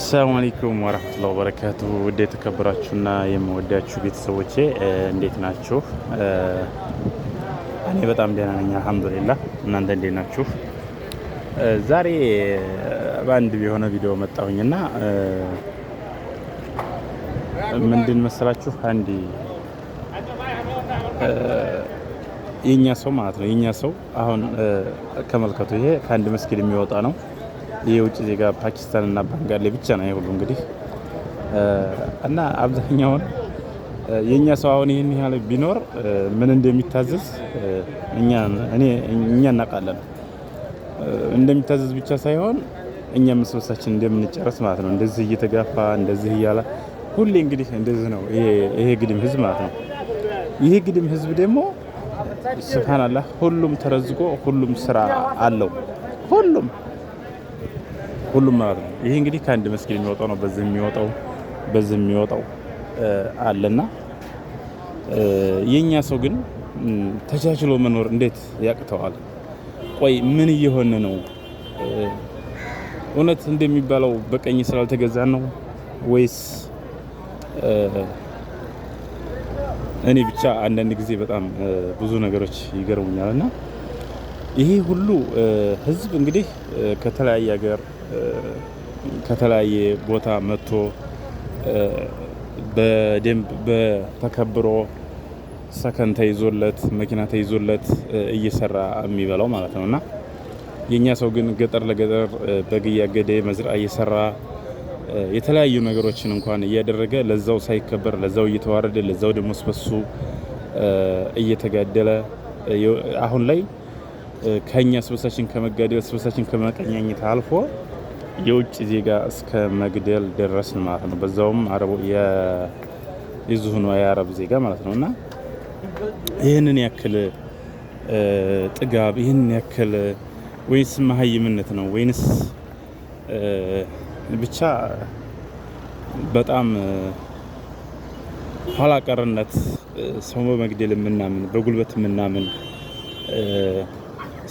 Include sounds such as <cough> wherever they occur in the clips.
ሰላም አለይኩም ወራህመቱላሂ ወበረካቱ። ውድ የተከበራችሁና የምወዳችሁ ቤተሰቦቼ እንዴት ናችሁ? እኔ በጣም ደህና ነኝ አልሐምዱሊላህ። እናንተ እንዴት ናችሁ? ዛሬ በአንድ የሆነ ቪዲዮ መጣሁኝና ምንድን መሰላችሁ አንድ የኛ ሰው ማለት ነው የኛ ሰው አሁን ከመልከቱ ይሄ ከአንድ መስጊድ የሚወጣ ነው የውጭ ዜጋ ፓኪስታን እና ባንጋሌ ብቻ ነው ሁሉ እንግዲህ እና አብዛኛውን የእኛ ሰው አሁን ይህን ያህል ቢኖር ምን እንደሚታዘዝ እኛ እናውቃለን። እንደሚታዘዝ ብቻ ሳይሆን እኛ ምስበሳችን እንደምንጨረስ ማለት ነው። እንደዚህ እየተጋፋ እንደዚህ እያለ ሁሌ እንግዲህ እንደዚህ ነው ይሄ ግድም ህዝብ ማለት ነው። ይሄ ግድም ህዝብ ደግሞ ስብሃናላህ ሁሉም ተረዝቆ ሁሉም ስራ አለው ሁሉም ሁሉም ማለት ነው። ይሄ እንግዲህ ከአንድ መስጊድ የሚወጣው ነው። በዚህ የሚወጣው በዚህ የሚወጣው አለና የኛ ሰው ግን ተቻችሎ መኖር እንዴት ያቅተዋል? ቆይ ምን እየሆነ ነው? እውነት እንደሚባለው በቀኝ ስላልተገዛ ነው ወይስ? እኔ ብቻ አንዳንድ ጊዜ በጣም ብዙ ነገሮች ይገርሙኛል እና ይሄ ሁሉ ህዝብ እንግዲህ ከተለያየ ሀገር ከተለያየ ቦታ መጥቶ በደንብ በተከብሮ ሰከን ተይዞለት መኪና ተይዞለት እየሰራ የሚበላው ማለት ነው እና የእኛ ሰው ግን ገጠር ለገጠር በግ እያገደ መዝራ እየሰራ የተለያዩ ነገሮችን እንኳን እያደረገ ለዛው ሳይከበር ለዛው እየተዋረደ ለዛው ደግሞ ስበሱ እየተጋደለ አሁን ላይ ከኛ ስበሳችን ከመጋደል ስበሳችን ከመቀኛኘት አልፎ የውጭ ዜጋ እስከ መግደል ደረስን ማለት ነው። በዛውም የዝሁኑ የአረብ ዜጋ ማለት ነው እና ይህንን ያክል ጥጋብ ይህንን ያክል ወይንስ መሀይምነት ነው ወይንስ ብቻ በጣም ኋላቀርነት ሰው በመግደል የምናምን በጉልበት የምናምን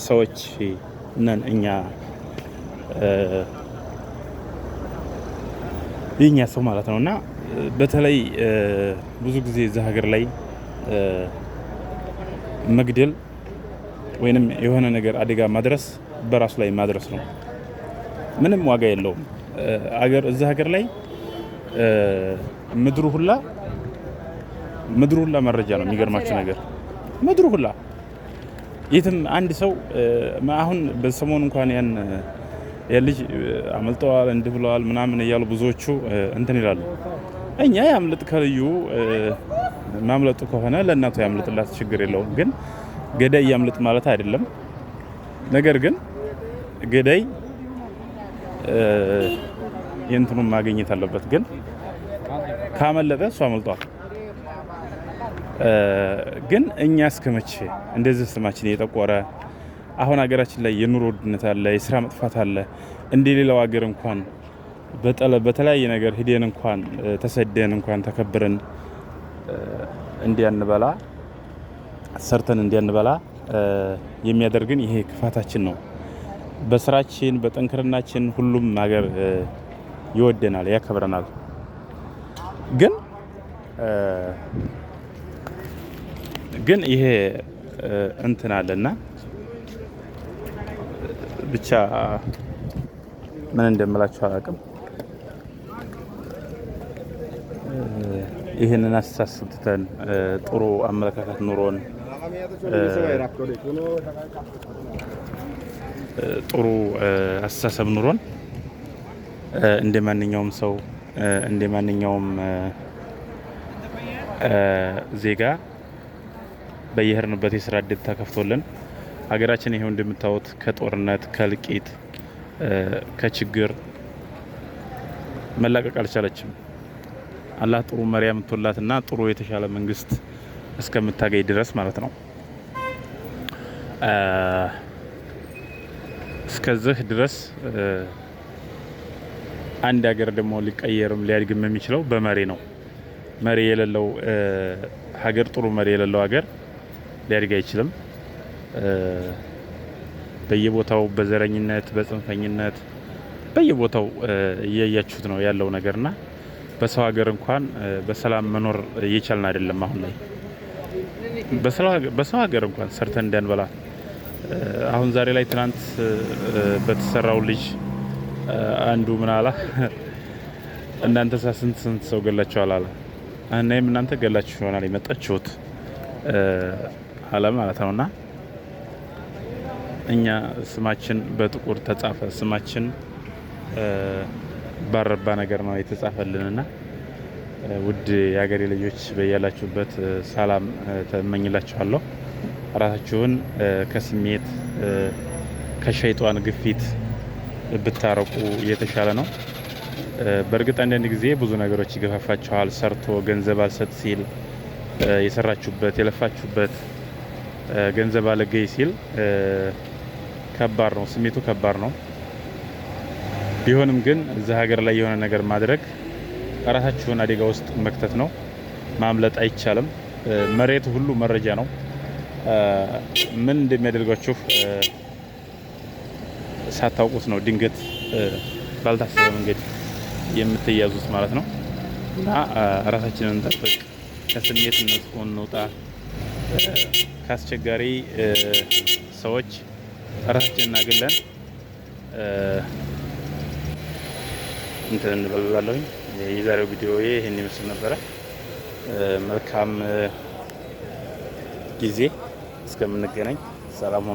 ሰዎች ነን እኛ የኛ ሰው ማለት ነው። እና በተለይ ብዙ ጊዜ እዚህ ሀገር ላይ መግደል ወይንም የሆነ ነገር አደጋ ማድረስ በራሱ ላይ ማድረስ ነው። ምንም ዋጋ የለውም። አገር እዚህ ሀገር ላይ ምድሩ ሁላ ምድሩ ሁላ መረጃ ነው። የሚገርማችሁ ነገር ምድሩ ሁላ የትም አንድ ሰው አሁን በሰሞኑ እንኳን ያን የልጅ አመልጠዋል እንዲህ ብለዋል ምናምን እያሉ ብዙዎቹ እንትን ይላሉ። እኛ ያምልጥ ከልዩ ማምለጡ ከሆነ ለእናቱ ያምልጥላት ችግር የለውም። ግን ገዳይ ያምልጥ ማለት አይደለም። ነገር ግን ገዳይ የእንትኑን ማግኘት አለበት። ግን ካመለጠ እሱ አመልጧል። ግን እኛ እስከመቼ እንደዚህ ስማችን እየጠቆረ አሁን ሀገራችን ላይ የኑሮ ውድነት አለ፣ የስራ መጥፋት አለ። እንደ ሌላው ሀገር እንኳን በተለያየ ነገር ሂደን እንኳን ተሰደን እንኳን ተከብረን እንዲያንበላ ሰርተን እንዲያንበላ የሚያደርግን ይሄ ክፋታችን ነው። በስራችን በጠንክርናችን ሁሉም ሀገር ይወደናል፣ ያከብረናል። ግን ግን ይሄ እንትን አለና ብቻ ምን እንደምላችሁ አላውቅም። ይህንን አስተሳሰብ ትተን ጥሩ አመለካከት ኑሮን ጥሩ አስተሳሰብ ኑሮን እንደ ማንኛውም ሰው እንደ ማንኛውም ዜጋ በየሄድንበት የስራ እድል ተከፍቶልን ሀገራችን ይሄው እንደምታዩት ከጦርነት ከእልቂት ከችግር መላቀቅ አልቻለችም። አላህ ጥሩ መሪ አምጥቶላትና ጥሩ የተሻለ መንግስት እስከምታገኝ ድረስ ማለት ነው። እስከዚህ ድረስ አንድ ሀገር ደግሞ ሊቀየርም ሊያድግም የሚችለው በመሪ ነው። መሪ የሌለው ሀገር ጥሩ መሪ የሌለው ሀገር ሊያድግ አይችልም። በየቦታው በዘረኝነት በጽንፈኝነት በየቦታው እያያችሁት ነው ያለው ነገርና በሰው ሀገር እንኳን በሰላም መኖር እየቻልን አይደለም። አሁን ላይ በሰው ሀገር እንኳን ሰርተን እንዳንበላ አሁን ዛሬ ላይ ትናንት በተሰራው ልጅ አንዱ ምን አላ <laughs> እናንተ ሳ ስንት ስንት ሰው ገላችኋል አለ። እናም እናንተ ገላችሁ ይሆናል የመጣችሁት አለ ማለት ነውና እኛ ስማችን በጥቁር ተጻፈ። ስማችን ባረባ ነገር ነው የተጻፈልንና ውድ የሀገሬ ልጆች በያላችሁበት ሰላም ተመኝላችኋለሁ። ራሳችሁን ከስሜት ከሸይጧን ግፊት ብታረቁ የተሻለ ነው። በእርግጥ አንዳንድ ጊዜ ብዙ ነገሮች ይገፋፋችኋል። ሰርቶ ገንዘብ አልሰጥ ሲል የሰራችሁበት የለፋችሁበት ገንዘብ አለገይ ሲል ከባድ ነው፣ ስሜቱ ከባድ ነው። ቢሆንም ግን እዚ ሀገር ላይ የሆነ ነገር ማድረግ ራሳችሁን አደጋ ውስጥ መክተት ነው። ማምለጥ አይቻልም። መሬቱ ሁሉ መረጃ ነው። ምን እንደሚያደርጓችሁ ሳታውቁት ነው ድንገት ባልታሰበ መንገድ የምትያዙት ማለት ነው። እና ራሳችንን እንጠብቅ፣ ከስሜት እንውጣ፣ ከአስቸጋሪ ሰዎች ራሳችን እናግለን እንትን እንበላለሁኝ። የዛሬው ቪዲዮ ይህን ይመስል ነበረ። መልካም ጊዜ እስከምንገናኝ ሰላም።